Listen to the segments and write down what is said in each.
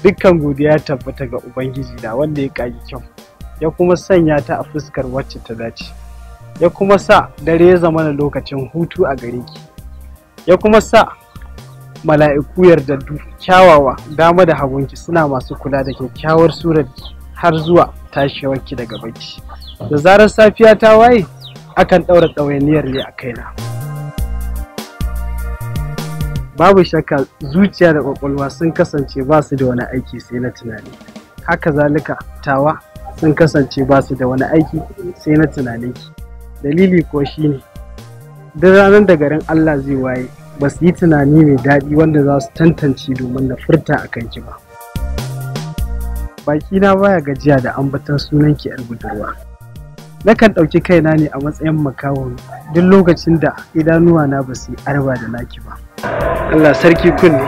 dukkan godiya tabbata ga Ubangiji da wanda ya ƙagi kyau, ya kuma sanya ta a fuskar wacce ta dace, ya kuma sa dare ya zama na lokacin hutu a gare ki, ya kuma sa mala'iku yardaddu kyawawa dama da hagunki suna masu kula da kyakkyawar surar har zuwa tashewarki daga baki, da zarar safiya ta waye akan ɗaura ɗawainiyar ne a kaina babu shakka zuciya da ƙwaƙwalwa sun kasance ba su da wani aiki sai na tunani haka zalika tawa sun kasance ba su da wani aiki sai na tunani dalili ko shine duk ranar da garin allah zai waye ba su yi tunani mai daɗi wanda za su tantance domin na furta a ki ba baki na baya gajiya da sunan sunan yar budurwa nakan ɗauki kaina ne a matsayin makawon duk lokacin da idanuwa na ba su arba da naki ba allah sarki kunne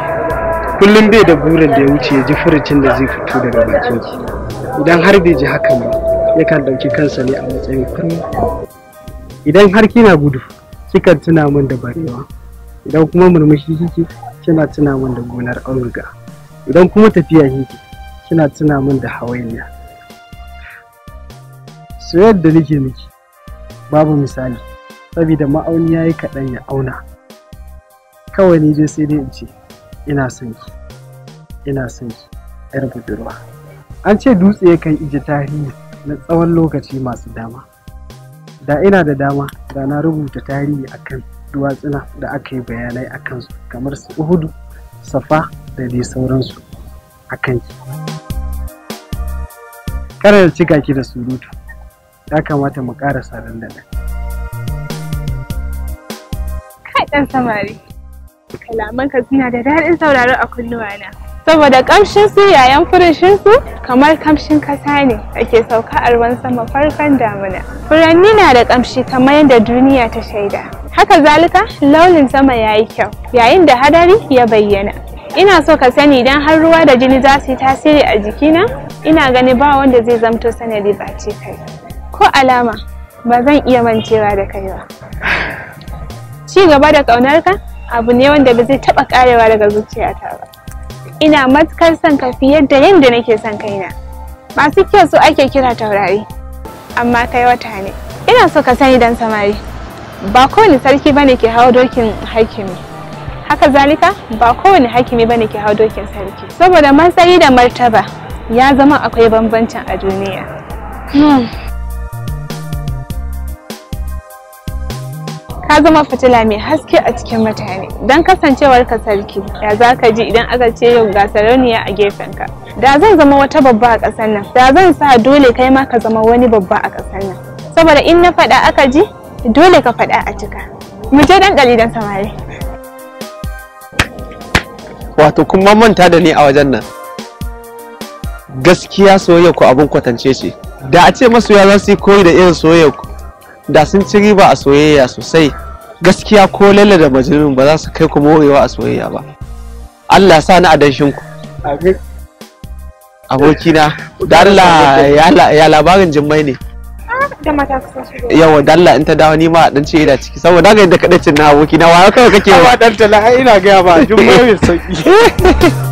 kullum bai da burin da ya wuce ya ji furucin da zai fito daga bakin bakinki idan har bai ji hakan ba yakan ɗauki kansa ne a matsayin kunne idan har kina gudu kikan tuna min da barewa idan kuma murmushi kike kina tuna min da gonar auduga idan kuma tafiya kike kina tuna min da hawainiya su yadda nake miki babu misali saboda ma'auni ya yi kaɗan ya auna kawai ni je sai dai in ce ina son ki ina son ki yar budurwa an ce dutse kan ije tarihi na tsawon lokaci masu dama da ina da dama da na rubuta tarihi akan duwatsuna da aka yi bayanai a kansu kamar su uhudu safa da dai sauransu a kanki karar cika ki da surutu ya kamata mu ƙara saran da kai ɗan samari kalamanka suna da daɗin sauraro a kunnuwana saboda kamshin su yayan furishin su kamar kamshin kasa ne ake sauka a ruwan sama farkon damuna furanni na da ƙamshi kamar yadda duniya ta shaida Haka zalika launin sama ya yi kyau yayin da hadari ya bayyana. Ina so ka sani idan har ruwa da jini za su yi tasiri a jikina, ina gani ba wanda zai zamto sanadi ba ce kai. Ko alama ba zan iya mancewa da kai ba. Ci gaba da ƙaunarka abu ne wanda ba zai taɓa ƙarewa daga zuciyata ba. Ina matukar son ka fiye da yadda nake son kaina. Masu kyau su ake kira taurari, amma kai wata ne. Ina so ka sani dan samari. ba kowane sarki bane ke hawa dokin hakimi haka zalika ba kowane hakimi bane ke hawa dokin sarki saboda matsayi da martaba ya zama akwai bambancin a duniya hmm. ka zama fitila mai haske a cikin mutane don kasancewar ka sarki ya za ka ji idan aka ce yau ga sarauniya a gefenka da zan zama wata babba a ƙasar nan da zan sa dole kai ma ka zama wani babba a ƙasar nan saboda in na faɗa aka ji dole ka faɗa a cika mu je dan dalilan samari wato kuma manta da ni a wajen nan gaskiya soyayya ku abin kwatance ce da a ce masu za su yi koyi da irin soyayya ku da sun ci riba a soyayya sosai gaskiya ko lalle da majalin ba za su kai ku morewa a soyayya ba Allah sa ni a danshin ku abokina da Allah ya labarin jimmai ne da mata kusa yawa dalla in ta dawo ni ma dan ce da ciki saboda ga yadda kadaicin na aboki na wa kawai kake wa dan tala ina ga ba jummai sauki